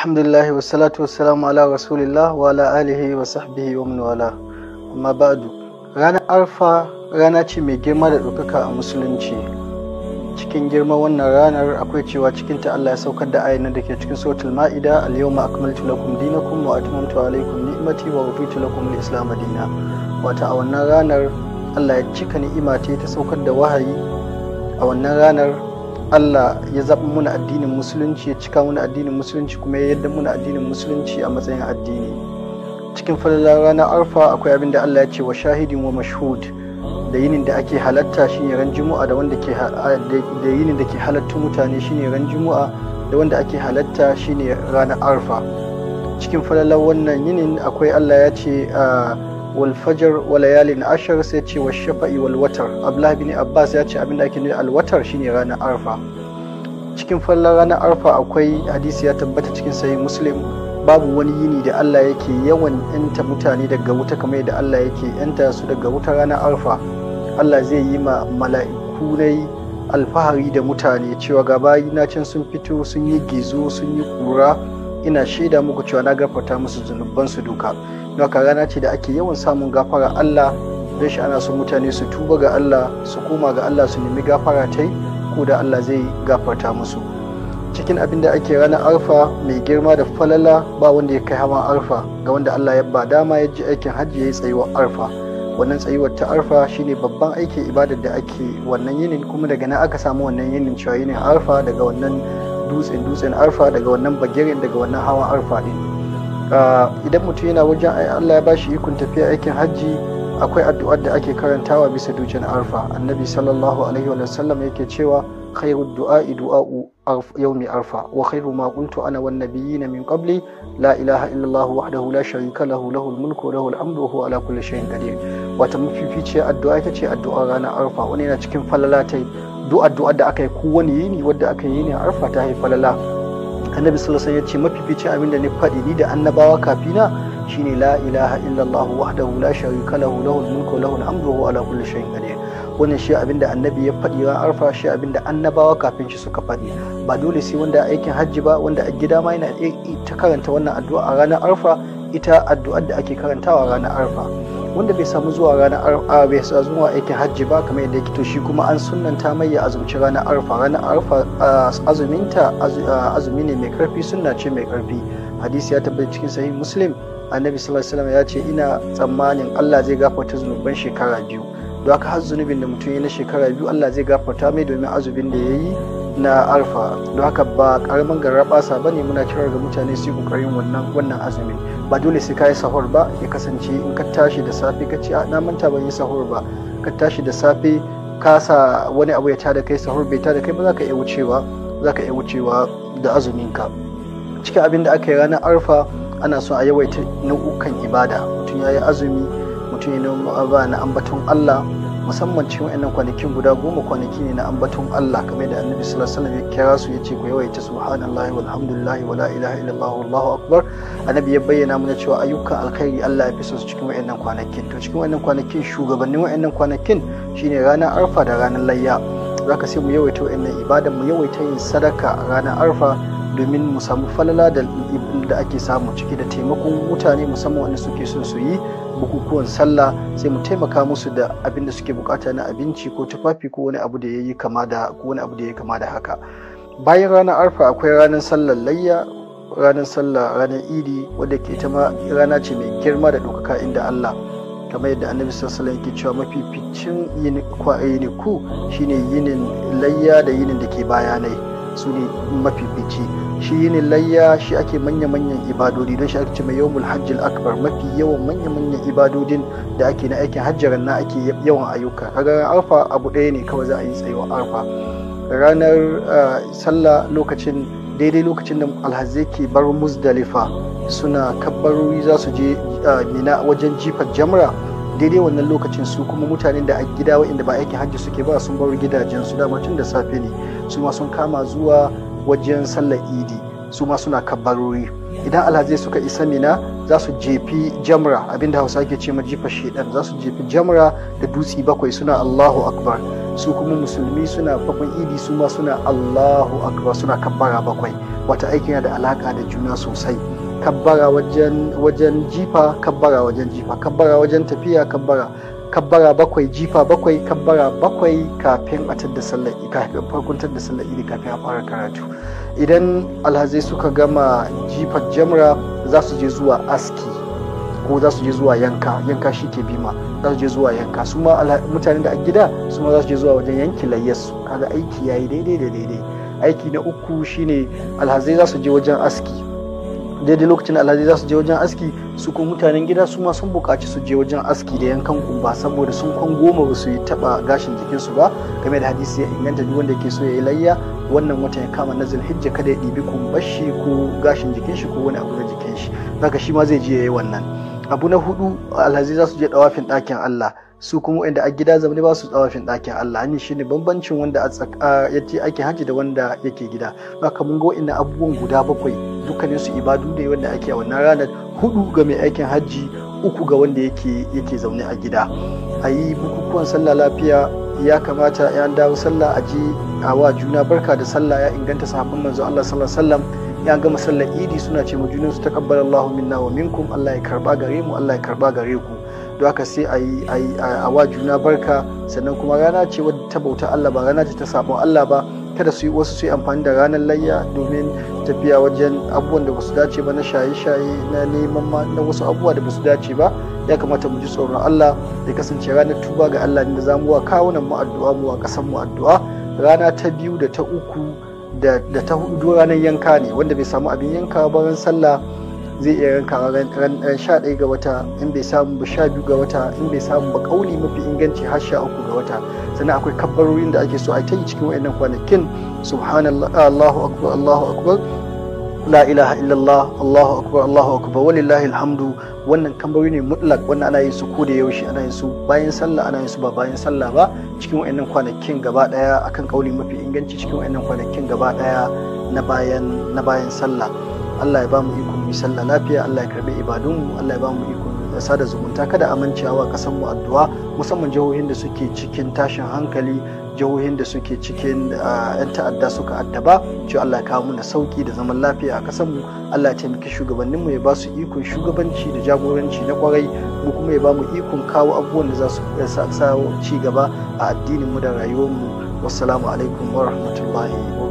alhamdulillah wa salatu wassalamu ala rasulillah wa ala alihi wa sahbihi wa man wala amma ba'du ranar arfa rana ce mai girma da ɗaukaka a musulunci cikin girma wannan ranar akwai cewa cikin ta Allah ya saukar da ayyana da ke cikin suratul ma'ida al-yawma akmaltu lakum dinakum wa atmamtu alaykum ni'mati wa raditu lakum al-islam dina wata a wannan ranar Allah ya cika ni'ima ta saukar da wahayi a wannan ranar Allah ya zaɓi muna addinin musulunci ya cika muna addinin musulunci kuma ya yadda muna addinin musulunci a matsayin addini cikin falalar ranar arfa akwai abin da Allah ya ce wa shahidin wa mashhud da yinin da ake halatta shine ran juma'a da wanda ke da yinin da ke halatta mutane shine ran juma'a da wanda ake halatta shine ranar arfa cikin falalar wannan yinin akwai Allah ya ce Walfajar fajar wa ashar sai ce wa shafa'i Walwatar, abdullahi bin abbas ya ce abin da ake Alwatar shine ranar arfa cikin fallar ranar arfa akwai hadisi ya tabbata cikin sahih muslim babu wani yini da Allah yake yawan yanta mutane daga wuta kamar yadda Allah yake yanta su daga wuta ranar arfa Allah zai yi ma mala'iku alfahari da mutane cewa ga na can sun fito sun yi gizo sun yi kura ina shaida muku cewa na gafarta musu zunubansu duka don ka rana ce da ake yawan samun gafara Allah don shi ana son mutane su tuba ga Allah su koma ga Allah su nemi gafara ta ko da Allah zai gafarta musu cikin abin da ake rana arfa mai girma da falala ba wanda ya kai hawan arfa ga wanda Allah ya ba dama ya ji aikin hajji ya yi tsayuwar arfa wannan tsayuwar ta arfa shine babban aikin ibadar da ake wannan yinin kuma daga nan aka samu wannan yinin cewa yinin arfa daga wannan dutsen dutsen arfa daga wannan bagirin daga wannan hawan arfa din ah, idan mutum yana wajen allah ya bashi ikon tafiya aikin hajji akwai addu'ar da ake karantawa bisa dutsen arfa annabi sallallahu alaihi wa sallam yake cewa khairu du'a'i du'a'u yaumi arfa wa khairu ma qultu ana wan nabiyina min qabli la ilaha illallah wahdahu la sharika lahu lahul mulku lahul amru huwa ala kulli shay'in qadir wata mafificiyar addu'a ita ce addu'a ranar arfa wani yana cikin falalatai duk addu'ar da aka yi ko wani yini wadda aka yi ne arfa ta haifa lala annabi sallallahu alaihi ya ce mafificin abin da ni faɗi ni da annabawa kafina shine la ilaha illallah wahdahu la sharika lahu lahul mulku al amru wa ala kulli shay'in qadir wannan shi abin annabi ya faɗi ran arfa shi abin annabawa kafin shi suka faɗi ba dole sai wanda aikin hajji ba wanda a gida ma yana ta karanta wannan addu'a a ranar arfa ita addu'ar da ake karantawa ranar arfa wanda bai samu zuwa ranar arfa bai sa zuwa aikin hajji ba kamar yadda yake to shi kuma an sunnanta mai ya azumci ranar arfa ranar arfa azuminta azumi ne mai karfi sunna ce mai karfi hadisi ya tabbata cikin sahih muslim annabi sallallahu alaihi ya ce ina tsammanin Allah zai gafarta zunuban shekara biyu don haka har zunubin da mutum ya na shekara biyu Allah zai gafarta mai domin azumin da ya yi na alfa don haka ba karamin garabasa ba ne muna kirar ga mutane su yi kokarin wannan wannan azumi ba dole sai ka yi sahur ba ya kasance in ka tashi da safe ka ce na manta ban yi sahur ba ka tashi da safe ka sa wani abu ya ta da kai sahur bai ta da kai ba za ka iya wucewa za ka iya wucewa da azuminka cikin abin da aka yi ranar arfa ana so a yawaita nau'ukan ibada mutum ya yi azumi mutum ya ba na ambaton allah musamman cikin wa'annan kwanakin guda goma kwanaki ne na ambaton Allah kamar da annabi sallallahu alaihi wasallam ya kira su yace ku yawaita subhanallahi walhamdulillahi wala ilaha illallah wallahu akbar annabi ya bayyana mana cewa ayyukan alkhairi Allah ya fi su cikin wa'annan kwanakin to cikin wa'annan kwanakin shugabannin wa'annan kwanakin shine ranar arfa da ranar layya zaka sai mu yawaita wa'annan ibada mu yawaita yin sadaka ranar arfa domin mu samu falala da ake samu ciki da taimakon mutane musamman wanda suke son su yi bukukuwan sallah sai mu taimaka musu da abin da suke bukata na abinci ko tufafi ko wani abu da ya yi kama da ko wani abu da ya kama da haka bayan ranar arfa akwai ranar sallar layya ranar sallah ranar idi wadda ke ta ma rana ce mai girma da ɗaukaka inda allah kamar yadda annabi sallallahu yake cewa mafificin yini ku shine yinin layya da yinin da ke bayanai su mafi mafifici shi ne layya shi ake manya-manyan ibadodi don shi ake mai yawon hajjil akbar mafi yawan manya-manyan ibadodin da ake na aikin hajjar na ake yawan ayyuka kaga arfa abu ɗaya ne kawai za a yi tsayuwa arfa ranar eh, sallah lokacin daidai lokacin da alhazai ke bar muzdalifa suna kabbarori za su je eh, mina wajen jifar jamra daidai wannan lokacin su kuma mutanen da a gida waɗanda ba aikin hajji suke ba sun bar gidajen su dama tun da safe ne su ma sun kama zuwa wajen sallar idi su ma suna kabbarori idan alhazai suka isa mina za su jefi jamra abinda hausa ke ce ma jifa shedan za su jefi jamra da dutsi bakwai suna allahu akbar su kuma musulmi suna babban idi su ma suna allahu akbar suna kabbara bakwai wata aiki da alaka da juna sosai kabbara wajen wajen jifa kabbara wajen jifa kabbara wajen tafiya kabbara kabbara bakwai jifa bakwai kabbara bakwai kafin a tadda sallar kafin farkon tadda sallar idi kafin a fara karatu idan alhazai suka gama jifar jamra za su je zuwa aski ko za su je zuwa yanka yanka shi ke bima za su je zuwa yanka su ma mutanen da a gida su ma za su je zuwa wajen yanki layyarsu kaga aiki yayi daidai da daidai aiki na uku shine alhazai za su je wajen aski daidai lokacin alhaji za su je wajen aski su kuma mutanen gida su ma sun buƙaci su je wajen aski da yankan ba saboda sun kwan goma ba su yi taɓa gashin jikinsu ba game da hadisi ya inganta duk wanda ke so ya yi layya wannan watan ya kama na hijja kada ya ɗibi kumbar shi ko gashin jikin shi ko wani abu na jikin shi zaka shi ma zai je ya yi wannan abu na hudu alhaji za su je ɗawafin ɗakin allah su kuma wanda a gida zaune ba su tsawafin ɗakin Allah ne shine bambancin wanda a ake haji da wanda yake gida ba mun ga wa'annan abubuwan guda bakwai dukkanin su ibadu da wanda ake a wannan ranar hudu ga mai aikin haji uku ga wanda yake yake zaune a gida a yi bukukuwan sallah lafiya ya kamata ya dawo sallah a ji a wa juna barka da sallah ya inganta sahabban manzo Allah sallallahu alaihi wasallam ya gama sallar idi suna ce mu junan su takabbalallahu minna wa minkum Allah ya karba gare mu Allah ya karba gare ku don haka sai a yi a wa juna barka sannan kuma rana ce wadda ta bauta Allah ba rana ce ta sabon Allah ba kada su yi wasu su amfani da ranar layya domin tafiya wajen abubuwan da basu dace ba na shaye-shaye na neman ma na wasu abubuwa da basu dace ba ya kamata mu ji tsoron Allah ya kasance ranar tuba ga Allah ne da zamu wa kawunan mu addu'a mu wa kasan mu addu'a rana ta biyu da ta uku da ta hudu ranar yanka ne wanda bai samu abin yanka ba ran sallah zai iya ranka ran sha ɗaya ga wata in bai samu ba sha biyu ga wata in bai samu ba kauli mafi inganci har sha uku ga wata sannan akwai kabbarorin da ake so a ta yi cikin wayannan kwanakin subhanallahu allahu akbar allahu akbar la ilaha illallah allahu akbar allahu akbar walillahi alhamdu wannan kambari ne mutlak wannan ana yin su ko da yaushe ana yin su bayan sallah ana yin su ba bayan sallah ba cikin wayannan kwanakin gaba daya akan kauli mafi inganci cikin wayannan kwanakin gaba daya na bayan na bayan sallah Allah ya ba mu iko mu sallah lafiya Allah ya karbi ibadunmu Allah ya ba mu iko sada zumunta kada amincewa kasan mu addu'a musamman jihohin da suke cikin tashin hankali jihohin da suke cikin ah, yan ta'adda suka addaba ce Allah ya kawo mana sauki da zaman lafiya a kasan mu Allah ya taimaki shugabannin mu ya ba su ikon shugabanci da jagoranci na kwarai mu kuma ya ba mu ikon kawo abubuwan da za su eh, sa ci gaba a addinin mu da rayuwar mu wassalamu alaikum wa wabarakatuh